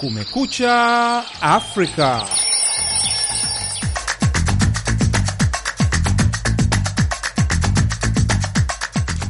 Kumekucha Afrika.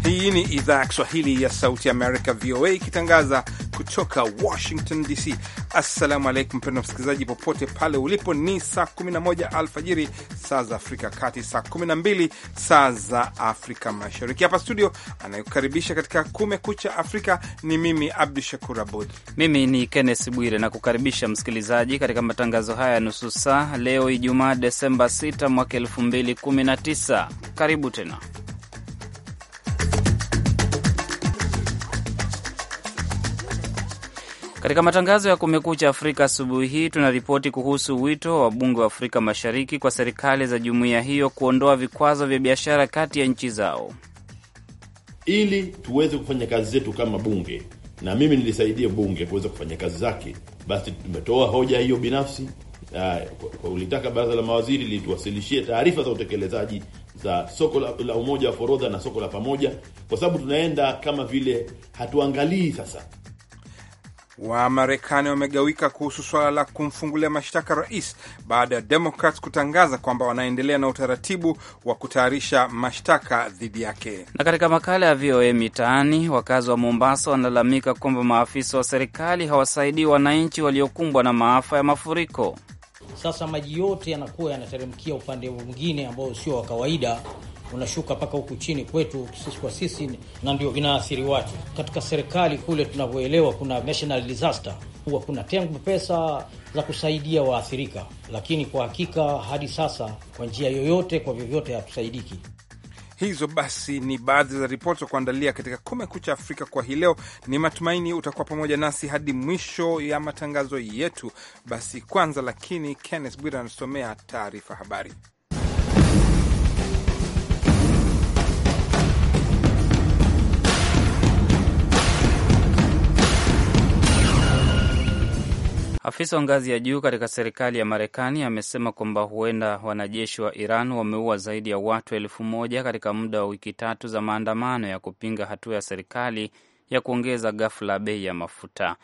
Hii ni idhaa ya Kiswahili ya Sauti Amerika, VOA, ikitangaza kutoka Washington DC. Assalamu alaikum, mpendwa msikilizaji, popote pale ulipo. Ni saa 11 alfajiri saa za Afrika Kati, saa 12 saa za Afrika Mashariki. Hapa studio anayekukaribisha katika Kumekucha Afrika ni mimi Abdu Shakur Abud. Mimi ni Kenneth Bwire na kukaribisha msikilizaji katika matangazo haya ya nusu saa leo Ijumaa Desemba 6 mwaka 2019. Karibu tena Katika matangazo ya Kumekucha Afrika asubuhi hii tunaripoti kuhusu wito wa wabunge wa Afrika Mashariki kwa serikali za jumuiya hiyo kuondoa vikwazo vya biashara kati ya nchi zao ili tuweze kufanya kazi zetu kama bunge, na mimi nilisaidia bunge kuweza kufanya kazi zake. Basi tumetoa hoja hiyo binafsi ulitaka baraza la mawaziri lituwasilishie taarifa za utekelezaji za soko la, la umoja wa forodha na soko la pamoja, kwa sababu tunaenda kama vile hatuangalii sasa wa Marekani wamegawika kuhusu suala la kumfungulia mashtaka rais baada ya Democrats kutangaza kwamba wanaendelea na utaratibu wa kutayarisha mashtaka dhidi yake. Na katika makala ya VOA Mitaani, wakazi wa Mombasa wanalalamika kwamba maafisa wa serikali hawasaidii wananchi waliokumbwa na maafa ya mafuriko. Sasa maji yote yanakuwa yanateremkia upande mwingine ambao sio wa kawaida unashuka mpaka huku chini kwetu sisi kwa sisi, na ndio inaathiri watu katika serikali kule. Tunavyoelewa kuna national disaster, huwa kuna tengwa pesa za kusaidia waathirika, lakini kwa hakika hadi sasa kwa njia yoyote, kwa vyovyote hatusaidiki. Hizo basi ni baadhi za ripoti za kuandalia katika Kumekucha Afrika kwa hii leo. Ni matumaini utakuwa pamoja nasi hadi mwisho ya matangazo yetu. Basi kwanza, lakini Kenneth Bwira anasomea taarifa habari. Afisa wa ngazi ya juu katika serikali ya Marekani amesema kwamba huenda wanajeshi wa Iran wameua zaidi ya watu elfu moja katika muda wa wiki tatu za maandamano ya kupinga hatua ya serikali ya kuongeza ghafla bei ya mafuta.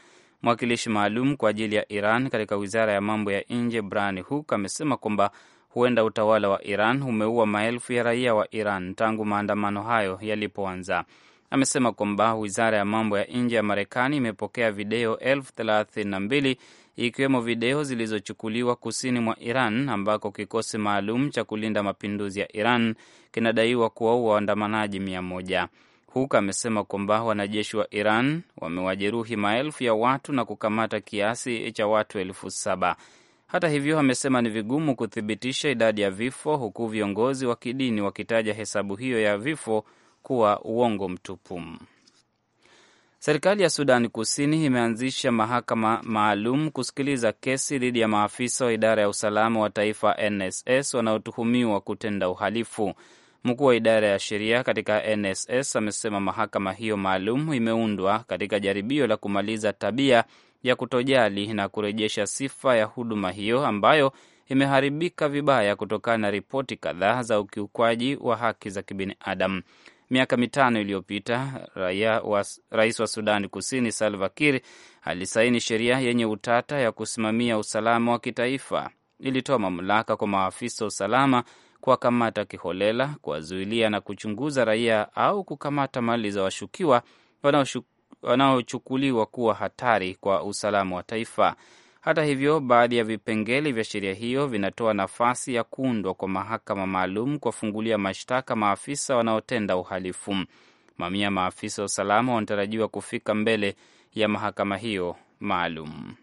Mwakilishi maalum kwa ajili ya Iran katika wizara ya mambo ya nje Brian Hook amesema kwamba huenda utawala wa Iran umeua maelfu ya raia wa Iran tangu maandamano hayo yalipoanza. Amesema kwamba wizara ya mambo ya nje ya Marekani imepokea video elfu thelathini na mbili ikiwemo video zilizochukuliwa kusini mwa Iran ambako kikosi maalum cha kulinda mapinduzi ya Iran kinadaiwa kuwaua waandamanaji mia moja. Huk amesema kwamba wanajeshi wa Iran wamewajeruhi maelfu ya watu na kukamata kiasi cha watu elfu saba. Hata hivyo, amesema ni vigumu kuthibitisha idadi ya vifo, huku viongozi wa kidini wakitaja hesabu hiyo ya vifo kuwa uongo mtupu. Serikali ya Sudani Kusini imeanzisha mahakama maalum kusikiliza kesi dhidi ya maafisa wa idara ya usalama wa taifa NSS wanaotuhumiwa kutenda uhalifu. Mkuu wa idara ya sheria katika NSS amesema mahakama hiyo maalum imeundwa katika jaribio la kumaliza tabia ya kutojali na kurejesha sifa ya huduma hiyo ambayo imeharibika vibaya kutokana na ripoti kadhaa za ukiukwaji wa haki za kibinadamu. Miaka mitano iliyopita rais wa Sudani Kusini Salva Kiir alisaini sheria yenye utata ya kusimamia usalama wa kitaifa. Ilitoa mamlaka kwa maafisa wa usalama kuwakamata kiholela, kuwazuilia na kuchunguza raia au kukamata mali za washukiwa wanaochukuliwa kuwa hatari kwa usalama wa taifa. Hata hivyo, baadhi ya vipengele vya sheria hiyo vinatoa nafasi ya kuundwa kwa mahakama maalum kuwafungulia mashtaka maafisa wanaotenda uhalifu. Mamia maafisa wa usalama wanatarajiwa kufika mbele ya mahakama hiyo maalum.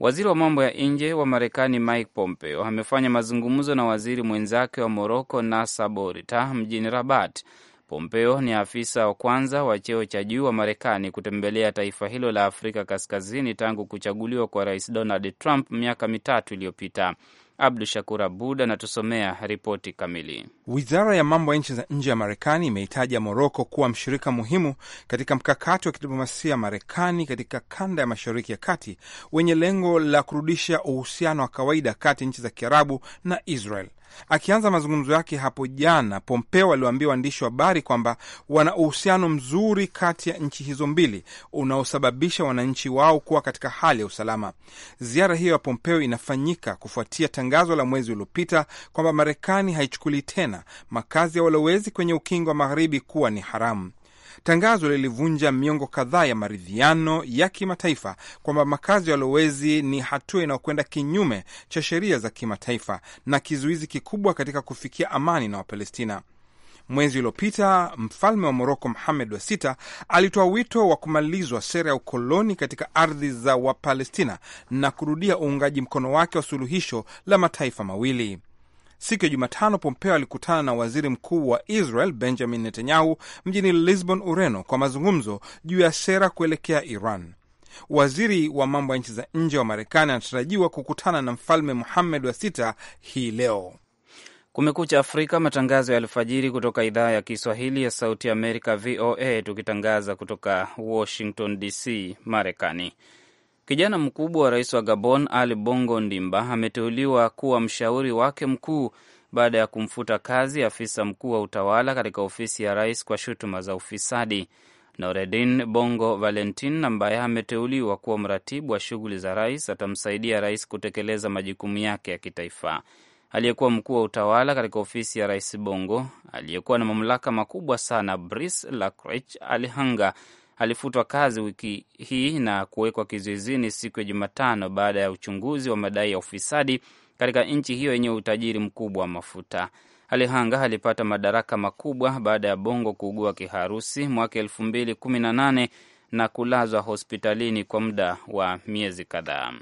Waziri wa mambo ya nje wa Marekani Mike Pompeo amefanya mazungumzo na waziri mwenzake wa Moroko Nasa Borita mjini Rabat Pompeo ni afisa wa kwanza wa cheo cha juu wa Marekani kutembelea taifa hilo la Afrika Kaskazini tangu kuchaguliwa kwa Rais Donald Trump miaka mitatu iliyopita. Abdu Shakur Abud anatusomea ripoti kamili. Wizara ya mambo ya nchi za nje ya Marekani imehitaja Moroko kuwa mshirika muhimu katika mkakati wa kidiplomasia ya Marekani katika kanda ya Mashariki ya Kati wenye lengo la kurudisha uhusiano wa kawaida kati ya nchi za Kiarabu na Israel. Akianza mazungumzo yake hapo jana, Pompeo aliwaambia waandishi wa habari kwamba wana uhusiano mzuri kati ya nchi hizo mbili unaosababisha wananchi wao kuwa katika hali ya usalama. Ziara hiyo ya Pompeo inafanyika kufuatia tangazo la mwezi uliopita kwamba Marekani haichukuli tena makazi ya walowezi kwenye ukingo wa magharibi kuwa ni haramu. Tangazo lilivunja miongo kadhaa ya maridhiano ya kimataifa kwamba makazi ya walowezi ni hatua inayokwenda kinyume cha sheria za kimataifa na kizuizi kikubwa katika kufikia amani na Wapalestina. Mwezi uliopita mfalme wa Moroko Mohamed wa sita alitoa wito wa kumalizwa sera ya ukoloni katika ardhi za Wapalestina na kurudia uungaji mkono wake wa suluhisho la mataifa mawili. Siku ya Jumatano, Pompeo alikutana na waziri mkuu wa Israel Benjamin Netanyahu mjini Lisbon, Ureno, kwa mazungumzo juu ya sera kuelekea Iran. Waziri wa mambo ya nchi za nje wa Marekani anatarajiwa kukutana na mfalme Muhammed wa sita hii leo. Kumekucha Afrika, matangazo ya alfajiri kutoka idhaa ya Kiswahili ya Sauti Amerika, VOA, tukitangaza kutoka Washington DC, Marekani. Kijana mkubwa wa rais wa Gabon Ali Bongo Ndimba ameteuliwa kuwa mshauri wake mkuu baada ya kumfuta kazi afisa mkuu wa utawala katika ofisi ya rais kwa shutuma za ufisadi. noredin Bongo Valentin ambaye ameteuliwa kuwa mratibu wa shughuli za rais atamsaidia rais kutekeleza majukumu yake ya kitaifa. Aliyekuwa mkuu wa utawala katika ofisi ya rais Bongo, aliyekuwa na mamlaka makubwa sana, Brice Lacroix Alihanga alifutwa kazi wiki hii na kuwekwa kizuizini siku ya Jumatano baada ya uchunguzi wa madai ya ufisadi katika nchi hiyo yenye utajiri mkubwa wa mafuta. Alihanga alipata madaraka makubwa baada ya Bongo kuugua kiharusi mwaka elfu mbili kumi na nane na kulazwa hospitalini kwa muda wa miezi kadhaa.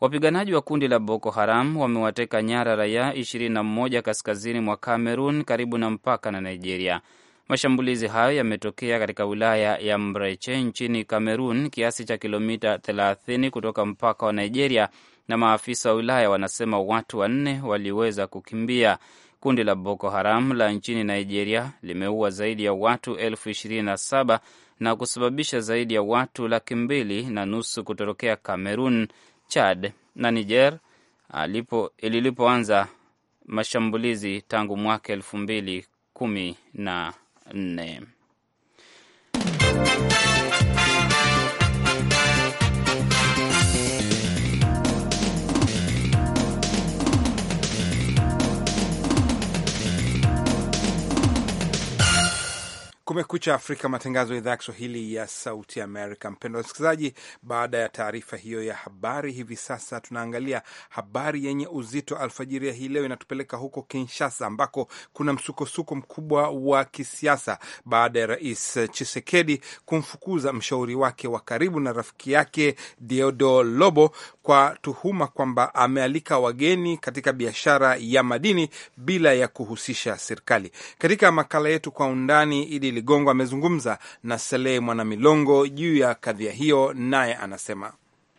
Wapiganaji wa kundi la Boko Haram wamewateka nyara raia 21 kaskazini mwa Cameroon karibu na mpaka na Nigeria. Mashambulizi hayo yametokea katika wilaya ya Mbreche nchini Kamerun, kiasi cha kilomita 30 kutoka mpaka wa Nigeria, na maafisa wa wilaya wanasema watu wanne waliweza kukimbia. Kundi la Boko Haram la nchini Nigeria limeua zaidi ya watu elfu na kusababisha zaidi ya watu laki mbili na nusu kutorokea Kamerun, Chad na Niger lilipoanza mashambulizi tangu mwaka elfu mbili kumi na nne. Kumekucha Afrika, matangazo ya idhaa ya Kiswahili ya Sauti Amerika. Mpendwa msikilizaji, baada ya taarifa hiyo ya habari, hivi sasa tunaangalia habari yenye uzito alfajiri ya hii leo. Inatupeleka huko Kinshasa ambako kuna msukosuko mkubwa wa kisiasa baada ya Rais chisekedi kumfukuza mshauri wake wa karibu na rafiki yake Diodo Lobo kwa tuhuma kwamba amealika wageni katika biashara ya madini bila ya kuhusisha serikali. Katika makala yetu kwa undani, Idi Ligongo amezungumza na Mwana Mwanamilongo juu ya kadhia hiyo, naye anasema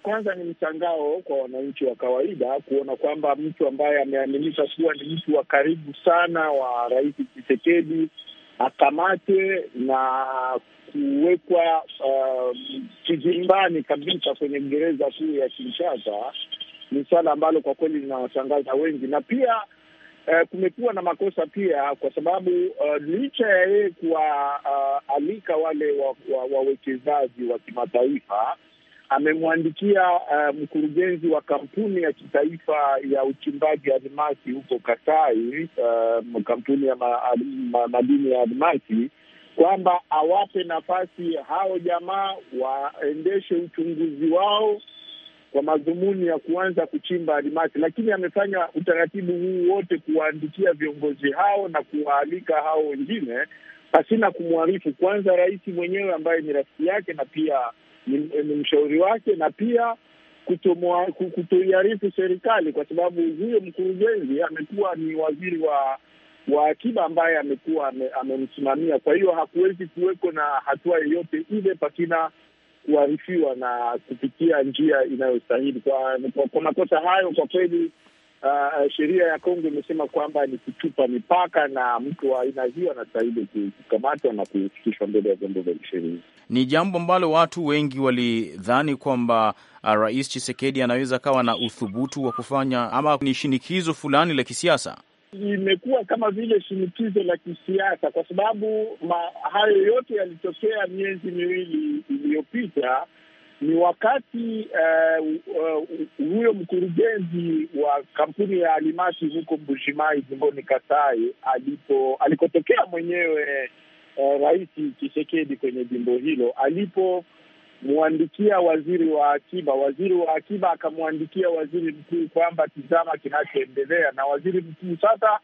kwanza ni mshangao kwa wananchi wa kawaida kuona kwamba mtu ambaye ameaminika kuwa ni mtu wa karibu sana wa Rais Chisekedi akamate na kuwekwa um, kizimbani kabisa kwenye gereza kuu ya Kinshasa ni swala ambalo kwa kweli linawashangaza wengi, na pia eh, kumekuwa na makosa pia, kwa sababu uh, licha ya yeye kuwaalika eh, uh, wale wawekezaji wa, wa, wa kimataifa amemwandikia uh, mkurugenzi wa kampuni ya kitaifa ya uchimbaji almasi huko Kasai, uh, kampuni ya madini ma, ya almasi kwamba awape nafasi hao jamaa waendeshe uchunguzi wao kwa madhumuni ya kuanza kuchimba almasi, lakini amefanya utaratibu huu wote kuwaandikia viongozi hao na kuwaalika hao wengine pasina kumwarifu kwanza rais mwenyewe ambaye ni rafiki yake na pia ni, ni mshauri wake na pia kutoiarifu serikali kwa sababu huyo mkurugenzi amekuwa ni waziri wa wa akiba ambaye amekuwa amemsimamia. Kwa hiyo hakuwezi kuweko na hatua yoyote ile pasina kuarifiwa na kupitia njia inayostahili. Kwa, kwa, kwa makosa hayo kwa kweli uh, sheria ya Kongo imesema kwamba ni kuchupa mipaka na mtu wa aina hiyo anastahili kukamatwa na kufikishwa mbele ya vyombo vya kisheria Ni jambo ambalo watu wengi walidhani kwamba uh, Rais chisekedi anaweza akawa na uthubutu wa kufanya ama ni shinikizo fulani la kisiasa imekuwa kama vile shinikizo la kisiasa, kwa sababu hayo yote yalitokea miezi miwili iliyopita. Ni wakati huyo eh, uh, huyo mkurugenzi wa kampuni ya alimasi huko Mbushimai jimboni Kasai alipo alikotokea mwenyewe uh, Rais Chisekedi kwenye jimbo hilo alipo kumwandikia waziri wa akiba. Waziri wa akiba akamwandikia waziri mkuu kwamba tizama kinachoendelea, na waziri mkuu sasa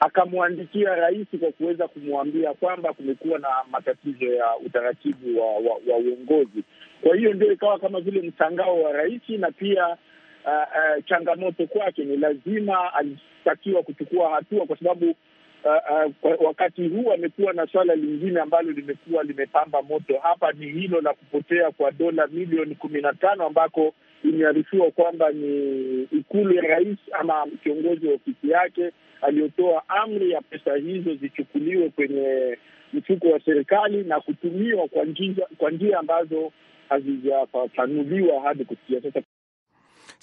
akamwandikia rais kwa kuweza kumwambia kwamba kumekuwa na matatizo ya utaratibu wa, wa, wa uongozi. Kwa hiyo ndio ikawa kama vile mtangao wa rais na pia Uh, uh, changamoto kwake ni lazima alitakiwa kuchukua hatua kwa sababu uh, uh, wakati huu amekuwa na swala lingine ambalo limekuwa limepamba moto hapa, ni hilo la kupotea kwa dola milioni kumi na tano ambako imearifiwa kwamba ni ikulu ya rais ama kiongozi wa ofisi yake aliyotoa amri ya pesa hizo zichukuliwe kwenye mfuko wa serikali na kutumiwa kwa njia ambazo hazijafafanuliwa hadi kufikia sasa.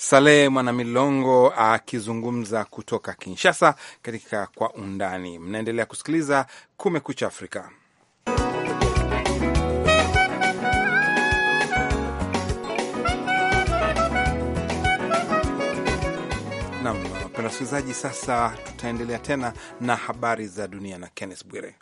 Saleh Mwanamilongo akizungumza kutoka Kinshasa katika Kwa Undani. Mnaendelea kusikiliza Kumekucha Afrika. Nam wapenda wasikilizaji, sasa tutaendelea tena na habari za dunia na Kenneth Bwire.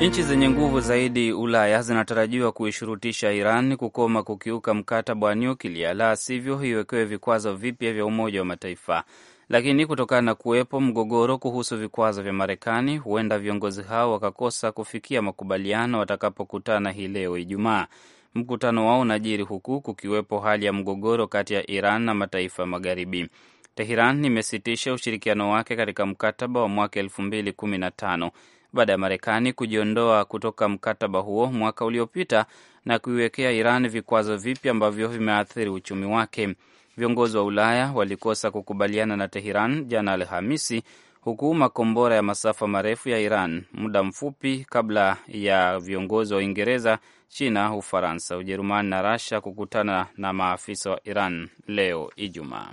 Nchi zenye nguvu zaidi Ulaya zinatarajiwa kuishurutisha Iran kukoma kukiuka mkataba wa nyuklia, la sivyo iwekewe vikwazo vipya vya Umoja wa Mataifa. Lakini kutokana na kuwepo mgogoro kuhusu vikwazo vya Marekani, huenda viongozi hao wakakosa kufikia makubaliano watakapokutana hii leo Ijumaa. Mkutano wao unajiri huku kukiwepo hali ya mgogoro kati ya Iran na mataifa ya Magharibi. Teheran imesitisha ushirikiano wake katika mkataba wa mwaka elfu mbili kumi na tano baada ya Marekani kujiondoa kutoka mkataba huo mwaka uliopita na kuiwekea Iran vikwazo vipya ambavyo vimeathiri uchumi wake. Viongozi wa Ulaya walikosa kukubaliana na Teheran jana Alhamisi, huku makombora ya masafa marefu ya Iran muda mfupi kabla ya viongozi wa Uingereza, China, Ufaransa, Ujerumani na rasia kukutana na maafisa wa Iran leo Ijumaa.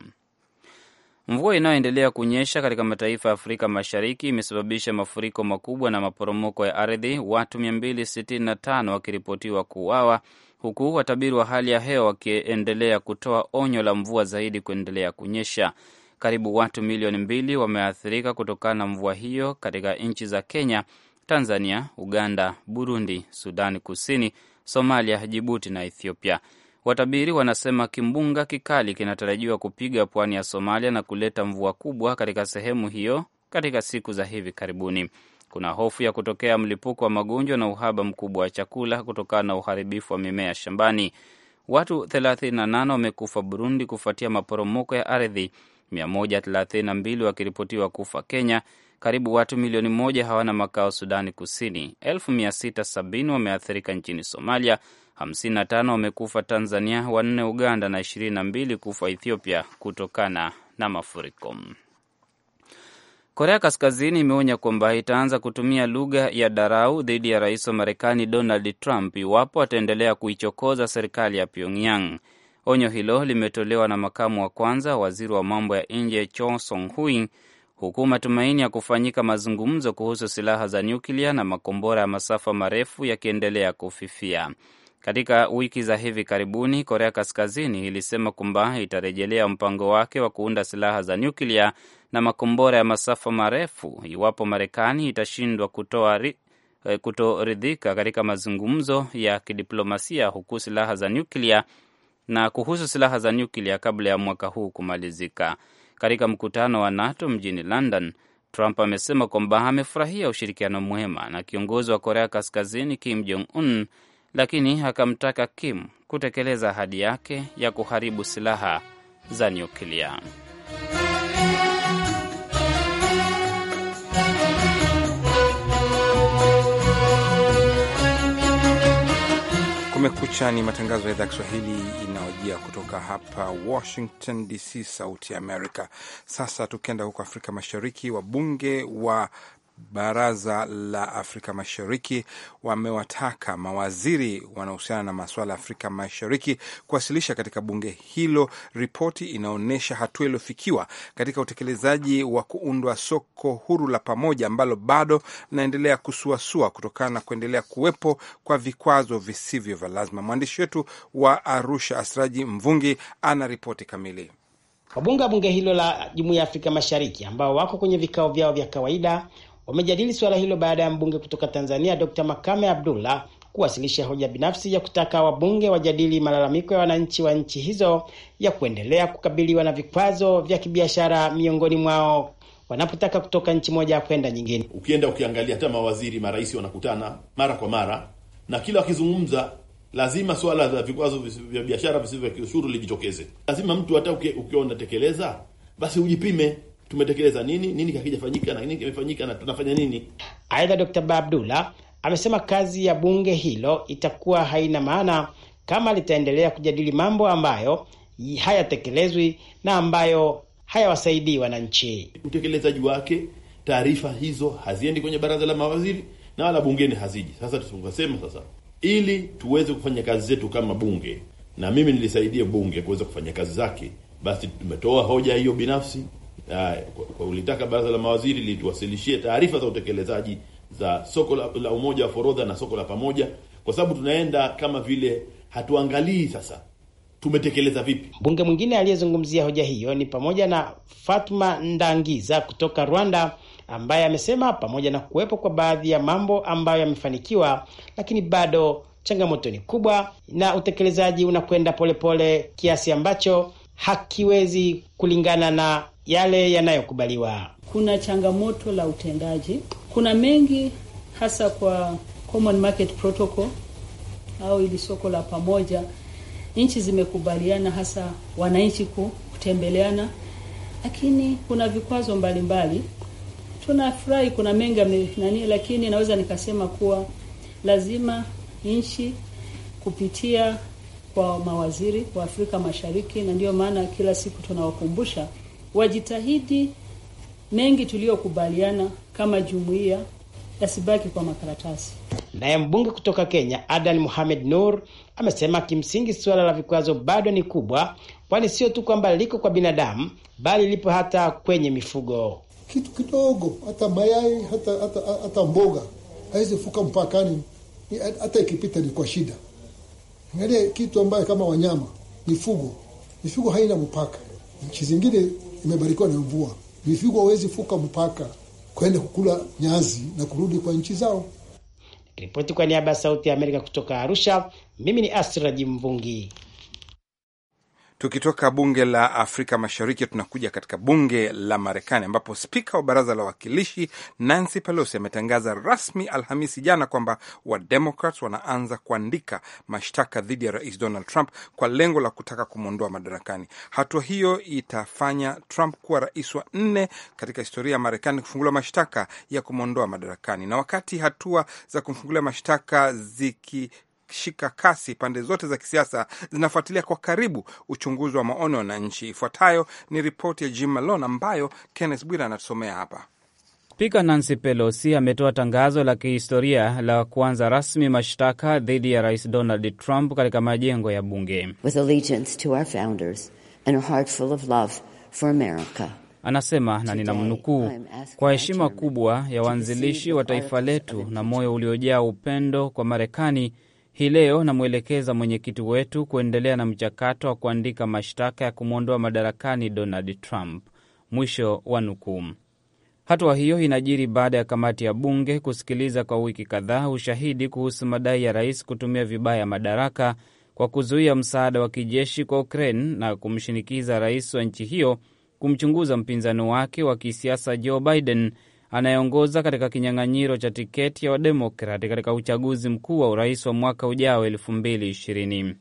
Mvua inayoendelea kunyesha katika mataifa ya Afrika Mashariki imesababisha mafuriko makubwa na maporomoko ya ardhi, watu 265 wakiripotiwa kuuawa, huku watabiri wa hali ya hewa wakiendelea kutoa onyo la mvua zaidi kuendelea kunyesha. Karibu watu milioni mbili wameathirika kutokana na mvua hiyo katika nchi za Kenya, Tanzania, Uganda, Burundi, Sudani Kusini, Somalia, Jibuti na Ethiopia. Watabiri wanasema kimbunga kikali kinatarajiwa kupiga pwani ya Somalia na kuleta mvua kubwa katika sehemu hiyo katika siku za hivi karibuni. Kuna hofu ya kutokea mlipuko wa magonjwa na uhaba mkubwa wa chakula kutokana na uharibifu wa mimea shambani. Watu 38 wamekufa Burundi kufuatia maporomoko ya ardhi, 132 wakiripotiwa kufa Kenya, karibu watu milioni moja hawana makao Sudani Kusini, elfu mia sita sabini wameathirika nchini Somalia, 55 wamekufa Tanzania, wanne Uganda na 22 kufa Ethiopia kutokana na mafuriko. Korea Kaskazini imeonya kwamba itaanza kutumia lugha ya darau dhidi ya rais wa Marekani Donald Trump iwapo ataendelea kuichokoza serikali ya Pyongyang. Onyo hilo limetolewa na makamu wa kwanza waziri wa mambo ya nje Cho Song Hui huku matumaini ya kufanyika mazungumzo kuhusu silaha za nyuklia na makombora ya masafa marefu yakiendelea kufifia. Katika wiki za hivi karibuni, Korea Kaskazini ilisema kwamba itarejelea mpango wake wa kuunda silaha za nyuklia na makombora ya masafa marefu iwapo Marekani itashindwa kutoa eh, kutoridhika katika mazungumzo ya kidiplomasia huku silaha za nyuklia na kuhusu silaha za nyuklia kabla ya mwaka huu kumalizika. Katika mkutano wa NATO mjini London, Trump amesema kwamba amefurahia ushirikiano mwema na kiongozi wa Korea Kaskazini Kim Jong Un, lakini akamtaka Kim kutekeleza ahadi yake ya kuharibu silaha za nyuklia. Kumekucha ni matangazo ya idhaa Kiswahili inayojia kutoka hapa Washington DC, sauti ya Amerika. Sasa tukienda huko Afrika Mashariki, wabunge wa Baraza la Afrika Mashariki wamewataka mawaziri wanaohusiana na masuala ya Afrika Mashariki kuwasilisha katika bunge hilo ripoti inaonyesha hatua iliyofikiwa katika utekelezaji wa kuundwa soko huru la pamoja ambalo bado linaendelea kusuasua kutokana na kuendelea kuwepo kwa vikwazo visivyo vya lazima. Mwandishi wetu wa Arusha, Asraji Mvungi, ana ripoti kamili. Wabunge wa bunge hilo la Jumuiya ya Afrika Mashariki ambao wako kwenye vikao vyao vya kawaida wamejadili suala hilo baada ya mbunge kutoka Tanzania Dr. Makame Abdullah kuwasilisha hoja binafsi ya kutaka wabunge wajadili malalamiko ya wananchi wa nchi hizo ya kuendelea kukabiliwa na vikwazo vya kibiashara miongoni mwao wanapotaka kutoka nchi moja kwenda nyingine. Ukienda ukiangalia hata mawaziri, marais wanakutana mara kwa mara, na kila wakizungumza lazima swala la vikwazo vya biashara visivyo vya kiushuru lijitokeze. Lazima mtu hata ukiona tekeleza, basi ujipime tumetekeleza nini, nini hakijafanyika na nini kimefanyika na tunafanya nini. Aidha, Dr. Baabdullah amesema kazi ya bunge hilo itakuwa haina maana kama litaendelea kujadili mambo ambayo hayatekelezwi na ambayo hayawasaidii wananchi. Utekelezaji wake, taarifa hizo haziendi kwenye baraza la mawaziri na wala bungeni haziji. Sasa tusungasema sasa, ili tuweze kufanya kazi zetu kama bunge, na mimi nilisaidia bunge kuweza kufanya kazi zake, basi tumetoa hoja hiyo binafsi uh, ulitaka baraza la mawaziri lituwasilishie taarifa za utekelezaji za soko la, la umoja wa forodha na soko la pamoja, kwa sababu tunaenda kama vile hatuangalii sasa tumetekeleza vipi. Mbunge mwingine aliyezungumzia hoja hiyo ni pamoja na fatma Ndangiza kutoka Rwanda ambaye amesema pamoja na kuwepo kwa baadhi ya mambo ambayo yamefanikiwa, lakini bado changamoto ni kubwa na utekelezaji unakwenda polepole kiasi ambacho hakiwezi kulingana na yale yanayokubaliwa. Kuna changamoto la utendaji, kuna mengi hasa kwa Common Market Protocol au ili soko la pamoja. Nchi zimekubaliana hasa wananchi kutembeleana, lakini kuna vikwazo mbalimbali. Tunafurahi kuna mengi nani, lakini naweza nikasema kuwa lazima nchi kupitia kwa mawaziri wa Afrika Mashariki, na ndiyo maana kila siku tunawakumbusha wajitahidi mengi tuliyokubaliana kama jumuiya yasibaki kwa makaratasi. Naye mbunge kutoka Kenya Adan Muhamed Nur amesema kimsingi suala la vikwazo bado ni kubwa, kwani sio tu kwamba liko kwa binadamu, bali lipo hata kwenye mifugo. Kitu kidogo, hata mayai, hata hata, hata mboga haizi fuka mpakani, hata ikipita ni kwa shida. Ngalia kitu ambayo kama wanyama, mifugo, mifugo haina mpaka. Nchi zingine imebarikiwa na mvua. mifugo hawezi fuka mpaka kwenda kukula nyazi na kurudi kwa nchi zao. Ripoti kwa niaba ya Sauti ya Amerika kutoka Arusha, mimi ni asrajimvungi Mvungi. Tukitoka bunge la Afrika Mashariki, tunakuja katika bunge la Marekani ambapo spika wa baraza la wawakilishi Nancy Pelosi ametangaza rasmi Alhamisi jana kwamba Wademokrat wanaanza kuandika mashtaka dhidi ya rais Donald Trump kwa lengo la kutaka kumwondoa madarakani. Hatua hiyo itafanya Trump kuwa rais wa nne katika historia ya Marekani kufunguliwa mashtaka ya kumwondoa madarakani. Na wakati hatua za kumfungulia mashtaka ziki shika kasi. Pande zote za kisiasa zinafuatilia kwa karibu uchunguzi wa maoni ya wananchi. Ifuatayo ni ripoti ya Jim Malone ambayo kennes Bwira anatusomea hapa. Spika Nancy Pelosi ametoa tangazo la kihistoria la kuanza rasmi mashtaka dhidi ya Rais Donald Trump katika majengo ya bunge. With allegiance to our founders and a heart full of love for America. Anasema na ninamnukuu, kwa heshima kubwa ya waanzilishi wa taifa letu na moyo uliojaa upendo kwa Marekani hii leo namwelekeza mwenyekiti wetu kuendelea na mchakato wa kuandika mashtaka ya kumwondoa madarakani Donald Trump. Mwisho wa nukuu. Hatua hiyo inajiri baada ya kamati ya bunge kusikiliza kwa wiki kadhaa ushahidi kuhusu madai ya rais kutumia vibaya madaraka kwa kuzuia msaada wa kijeshi kwa Ukraine na kumshinikiza rais wa nchi hiyo kumchunguza mpinzani wake wa kisiasa Joe Biden anayeongoza katika kinyang'anyiro cha tiketi ya Wademokrati katika uchaguzi mkuu wa urais wa mwaka ujao elfu mbili ishirini.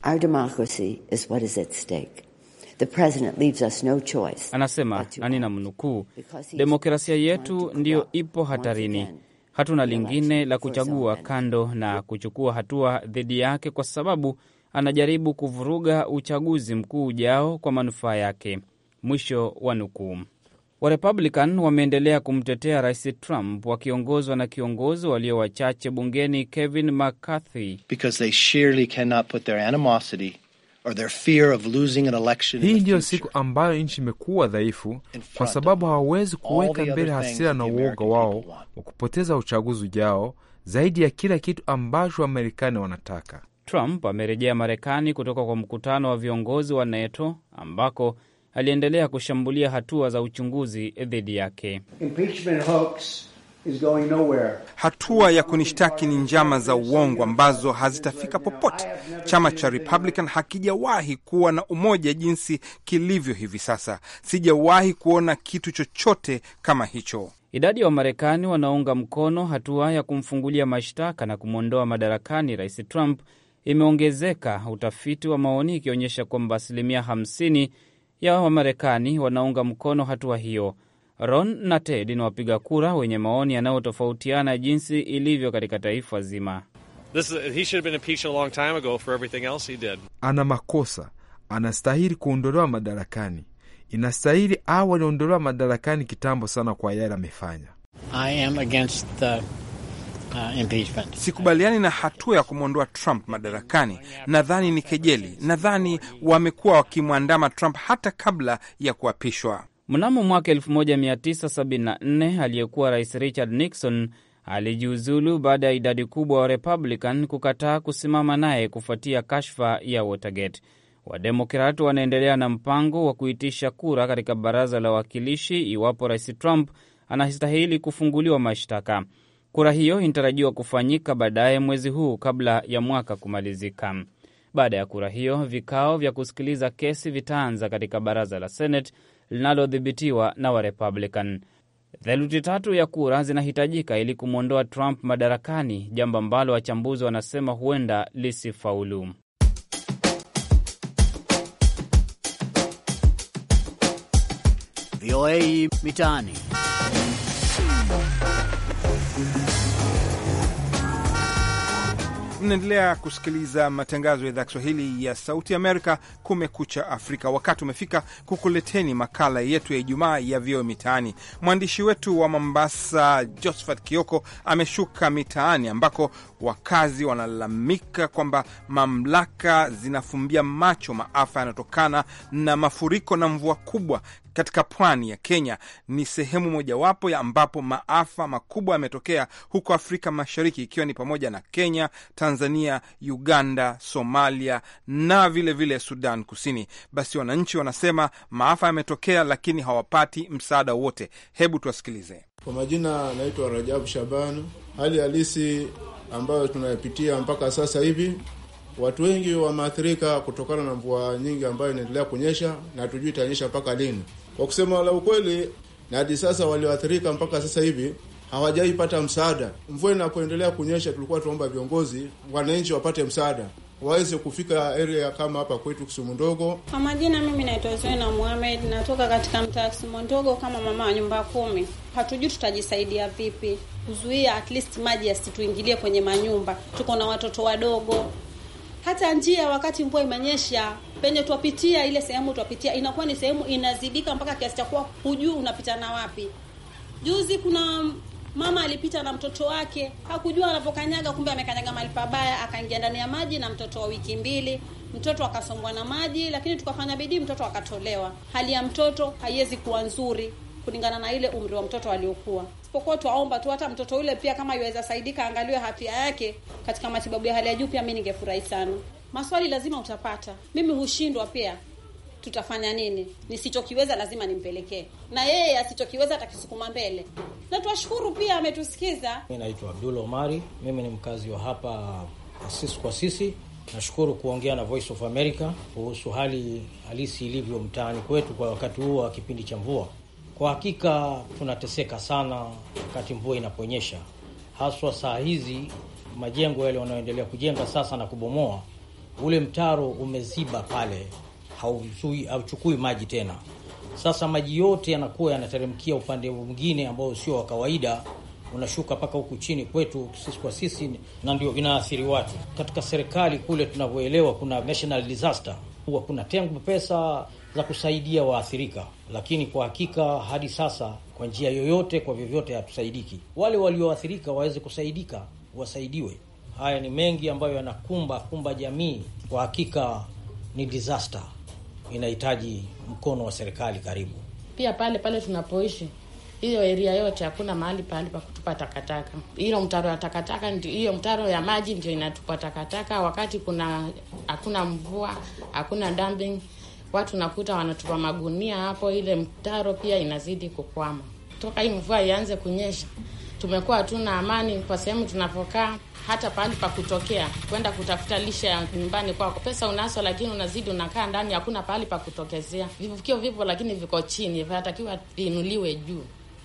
Anasema na mnukuu demokrasia yetu ndiyo ipo hatarini hatuna lingine la kuchagua kando na kuchukua hatua dhidi yake, kwa sababu anajaribu kuvuruga uchaguzi mkuu ujao kwa manufaa yake. Mwisho wa nukuu. Warepublican wameendelea kumtetea Rais Trump wakiongozwa na kiongozi walio wachache bungeni Kevin McCarthy. Hii ndiyo siku ambayo nchi imekuwa dhaifu, kwa sababu hawawezi kuweka mbele hasira na uoga wao wa kupoteza uchaguzi ujao zaidi ya kila kitu ambacho Wamarekani wanataka. Trump amerejea Marekani kutoka kwa mkutano wa viongozi wa NATO ambako aliendelea kushambulia hatua za uchunguzi dhidi yake. Hatua ya kunishtaki ni njama za uongo ambazo hazitafika popote. Chama cha Republican hakijawahi kuwa na umoja jinsi kilivyo hivi sasa. Sijawahi kuona kitu chochote kama hicho. Idadi ya Wamarekani wanaunga mkono hatua ya kumfungulia mashtaka na kumwondoa madarakani Rais Trump imeongezeka, utafiti wa maoni ikionyesha kwamba asilimia 50 ya Wamarekani wanaunga mkono hatua hiyo. Ron na Ted ni wapiga kura wenye maoni yanayotofautiana jinsi ilivyo katika taifa zima. Ana makosa, anastahili kuondolewa madarakani. Inastahili awe aliondolewa madarakani kitambo sana kwa yale amefanya impeachment. Uh, Sikubaliani na hatua ya kumwondoa Trump madarakani. Nadhani ni kejeli. Nadhani wamekuwa wakimwandama Trump hata kabla ya kuapishwa. Mnamo mwaka 1974 aliyekuwa rais Richard Nixon alijiuzulu baada ya idadi kubwa wa Republican kukataa kusimama naye kufuatia kashfa ya Watergate. wademokrat wanaendelea na mpango wa kuitisha kura katika baraza la wawakilishi iwapo rais Trump anastahili kufunguliwa mashtaka. Kura hiyo inatarajiwa kufanyika baadaye mwezi huu kabla ya mwaka kumalizika. Baada ya kura hiyo, vikao vya kusikiliza kesi vitaanza katika baraza la Senate linalodhibitiwa na Warepublican. Theluthi tatu ya kura zinahitajika ili kumwondoa Trump madarakani, jambo ambalo wachambuzi wanasema huenda lisifaulu. VOA Mitaani. Mnaendelea kusikiliza matangazo ya idhaa Kiswahili ya Sauti Amerika, Kumekucha Afrika. Wakati umefika kukuleteni makala yetu ya Ijumaa ya Vio Mitaani. Mwandishi wetu wa Mombasa, Josephat Kioko, ameshuka mitaani ambako wakazi wanalalamika kwamba mamlaka zinafumbia macho maafa yanayotokana na mafuriko na mvua kubwa katika pwani ya Kenya ni sehemu mojawapo ya ambapo maafa makubwa yametokea huko Afrika Mashariki, ikiwa ni pamoja na Kenya, Tanzania, Uganda, Somalia na vilevile vile Sudan Kusini. Basi wananchi wanasema maafa yametokea, lakini hawapati msaada wote. Hebu tuwasikilize. Kwa majina anaitwa Rajabu Shabani. Hali halisi ambayo tunayapitia mpaka sasa hivi watu wengi wameathirika kutokana na mvua nyingi ambayo inaendelea kunyesha na hatujui itanyesha mpaka lini. Kwa kusema la ukweli, na hadi sasa walioathirika mpaka sasa hivi hawajaipata msaada. Mvua inapoendelea kunyesha, tulikuwa tuomba viongozi, wananchi wapate msaada waweze kufika area kama hapa kwetu Kisumu Ndogo. Kwa majina, mimi naitwa Zoena Mohamed, natoka katika mtaa Kisumu Ndogo kama mama wa nyumba kumi. Hatujui tutajisaidia vipi kuzuia at least maji yasituingilie kwenye manyumba. Tuko na watoto wadogo, hata njia wakati mvua imenyesha penye twapitia ile sehemu twapitia inakuwa ni sehemu inazidika mpaka kiasi cha kuwa hujui unapita na wapi. Juzi kuna mama alipita na mtoto wake, hakujua anapokanyaga, kumbe amekanyaga mahali pabaya, akaingia ndani ya maji na mtoto wa wiki mbili. Mtoto akasombwa na maji, lakini tukafanya bidii, mtoto akatolewa. Hali ya mtoto haiwezi kuwa nzuri, kulingana na ile umri wa mtoto aliokuwa. Sipokuwa twaomba tu hata mtoto yule pia kama yuweza saidika, angaliwe afya yake katika matibabu ya hali ya juu, pia mimi ningefurahi sana. Maswali lazima utapata, mimi hushindwa pia tutafanya nini? Nisichokiweza lazima nimpelekee, na yeye asichokiweza atakisukuma mbele. Na twashukuru pia ametusikiza. Mi naitwa Abdul Omari, mimi ni mkazi wa hapa Asisi kwa Sisi. Nashukuru kuongea na Voice of America kuhusu hali halisi ilivyo mtaani kwetu kwa wakati huu wa kipindi cha mvua. Kwa hakika tunateseka sana wakati mvua inaponyesha, haswa saa hizi majengo yale wanayoendelea kujenga sasa na kubomoa, ule mtaro umeziba pale, hauzui hauchukui maji tena. Sasa maji yote yanakuwa yanateremkia upande mwingine ambao sio wa kawaida, unashuka mpaka huku chini kwetu sisi kwa sisi, na ndio inaathiri watu. Katika serikali kule tunavyoelewa, kuna national disaster, huwa kuna tengwa pesa za kusaidia waathirika, lakini kwa hakika hadi sasa kwa njia yoyote, kwa vyovyote hatusaidiki. Wale walioathirika waweze kusaidika, wasaidiwe. Haya ni mengi ambayo yanakumba kumba jamii, kwa hakika ni disaster, inahitaji mkono wa serikali karibu. Pia pale pale tunapoishi hiyo eria yote hakuna mahali pahali pa kutupa takataka. Hiyo mtaro ya takataka ndio hiyo mtaro ya maji ndio inatupa takataka, wakati kuna hakuna mvua, hakuna dumping, watu nakuta wanatupa magunia hapo, ile mtaro pia inazidi kukwama. Toka hii mvua ianze kunyesha, tumekuwa hatuna amani kwa sehemu tunapokaa, hata pahali pa kutokea kwenda kutafuta lishe ya nyumbani kwako. Pesa unaso lakini unazidi unakaa ndani, hakuna pahali pa kutokezea. Vivukio vipo, lakini viko chini, vinatakiwa viinuliwe juu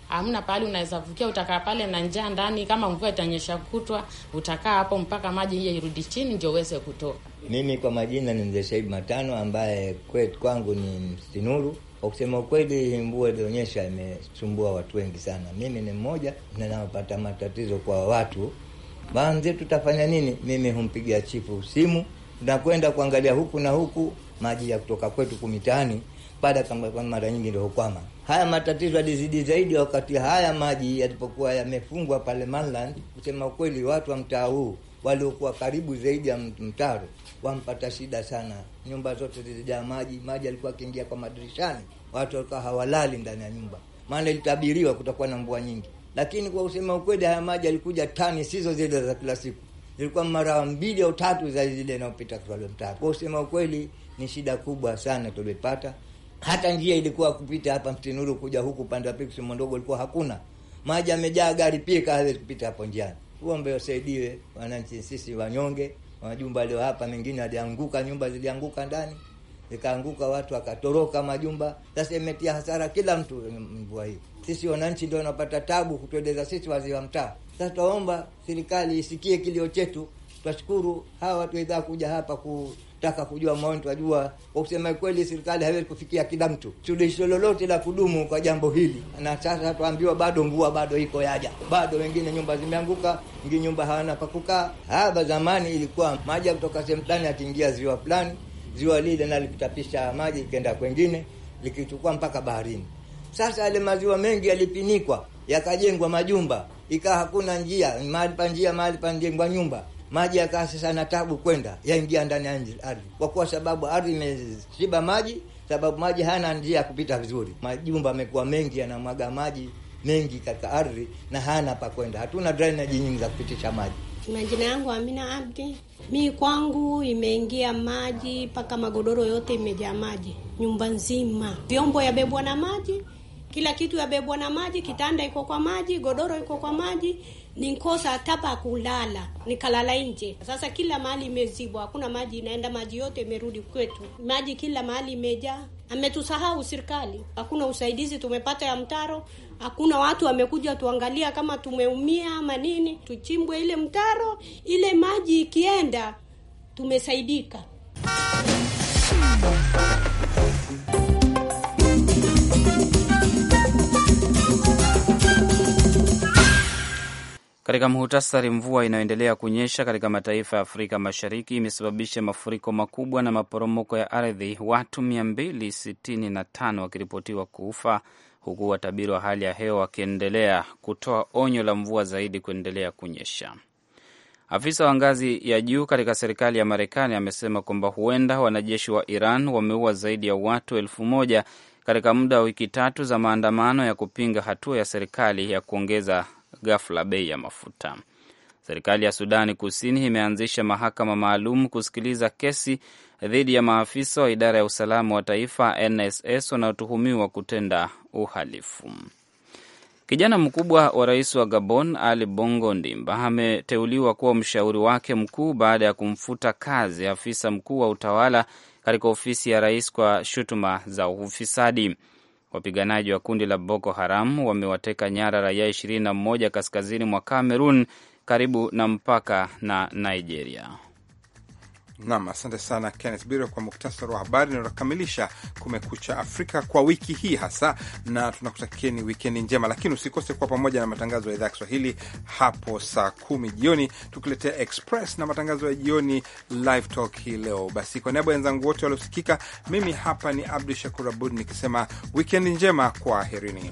hamna pahali unaweza vukia, utakaa pale na njaa ndani. Kama mvua itanyesha kutwa, utakaa hapo mpaka maji hiyo irudi chini ndio uweze kutoka. Mimi kwa majina ni mzee Shaibu Matano, ambaye kwetu kwangu ni msinuru. Kwa kusema ukweli, mvua ilionyesha imesumbua watu wengi sana. Mimi ni mmoja nanapata matatizo kwa watu banze, tutafanya nini? Mimi humpigia chifu simu, tunakwenda kuangalia huku na huku, maji ya kutoka kwetu kumitaani baada kama kwa mara nyingi ndio kwama haya matatizo yalizidi zaidi wakati haya maji yalipokuwa yamefungwa pale Mainland. Kusema kweli, watu wa mtaa huu waliokuwa karibu zaidi ya mtaro wampata shida sana. Nyumba zote zilijaa maji, maji yalikuwa akiingia kwa madirishani, watu walikuwa hawalali ndani ya nyumba, maana ilitabiriwa kutakuwa na mvua nyingi. Lakini kwa kusema ukweli, haya maji yalikuja tani sizo zile za kila siku, zilikuwa mara mbili au tatu za zile inayopita kwa mtaro. Kwa kusema ukweli, ni shida kubwa sana tulipata hata njia ilikuwa kupita hapa Mtinuru kuja huku upande wa Pixi Mondogo ilikuwa hakuna, maji yamejaa, gari pia ikaweza kupita hapo njiani. Uombe usaidiwe wananchi, sisi wanyonge, majumba leo hapa mengine alianguka, nyumba zilianguka ndani, ikaanguka watu akatoroka majumba. Sasa imetia hasara kila mtu mvua hii. Sisi wananchi ndio wanapata tabu kutueleza sisi wazee wa mtaa. Sasa twaomba serikali isikie kilio chetu. Twashukuru hawa watu kuja hapa ku taka kujua maoni, tunajua kwa kusema kweli, serikali haiwezi kufikia kila mtu suluhisho lolote la kudumu kwa jambo hili. Na sasa tuambiwa bado mvua bado iko yaja, bado wengine nyumba zimeanguka, wengine nyumba hawana pa kukaa. Hapa zamani ilikuwa maji ya kutoka sehemu fulani yakiingia ziwa fulani, ziwa lile nalikutapisha maji ikenda kwengine, likichukua mpaka baharini. Sasa yale maziwa mengi yalipinikwa, yakajengwa majumba, ikawa hakuna njia, mahali pa njia, mahali pa njengwa nyumba maji yakasi sana, tabu kwenda yaingia ndani ya ardhi, kwa kuwa sababu ardhi imeshiba maji, sababu maji hana njia ya kupita vizuri. Majumba amekuwa mengi, yanamwaga maji mengi katika ardhi na hana pa kwenda, hatuna drainage nyingi za kupitisha maji. Majina yangu Amina Abdi. Mi kwangu imeingia maji mpaka magodoro yote imejaa maji, nyumba nzima, vyombo yabebwa na maji, kila kitu yabebwa na maji, kitanda iko kwa maji, godoro iko kwa maji ninkosa hata pa kulala, nikalala nje. Sasa kila mahali imezibwa, hakuna maji inaenda, maji yote imerudi kwetu, maji kila mahali imejaa. Ametusahau serikali, hakuna usaidizi tumepata ya mtaro, hakuna watu wamekuja tuangalia kama tumeumia ama nini, tuchimbwe ile mtaro, ile maji ikienda tumesaidika. Katika muhtasari, mvua inayoendelea kunyesha katika mataifa ya Afrika Mashariki imesababisha mafuriko makubwa na maporomoko ya ardhi, watu 265 wakiripotiwa kuufa, huku watabiri wa hali ya hewa wakiendelea kutoa onyo la mvua zaidi kuendelea kunyesha. Afisa wa ngazi ya juu katika serikali ya Marekani amesema kwamba huenda wanajeshi wa Iran wameua zaidi ya watu elfu moja katika muda wa wiki tatu za maandamano ya kupinga hatua ya serikali ya kuongeza ghafla bei ya mafuta. Serikali ya Sudani Kusini imeanzisha mahakama maalum kusikiliza kesi dhidi ya maafisa wa idara ya usalama wa taifa NSS wanaotuhumiwa kutenda uhalifu. Kijana mkubwa wa rais wa Gabon Ali Bongo Ndimba ameteuliwa kuwa mshauri wake mkuu baada ya kumfuta kazi afisa mkuu wa utawala katika ofisi ya rais kwa shutuma za ufisadi. Wapiganaji wa kundi la Boko Haram wamewateka nyara raia 21 na kaskazini mwa Cameroon karibu na mpaka na Nigeria. Nam, asante sana Kenneth Biro kwa muktasari wa habari, na Kumekucha Afrika kwa wiki hii hasa, na tunakutakieni wikendi njema, lakini usikose kuwa pamoja na matangazo ya idhaa ya Kiswahili hapo saa kumi jioni, tukiletea Express na matangazo ya jioni Live Talk hii leo. Basi, kwa niaba ya wenzangu wote waliosikika, mimi hapa ni Abdu Shakur Abud nikisema wikendi njema, kwa aherini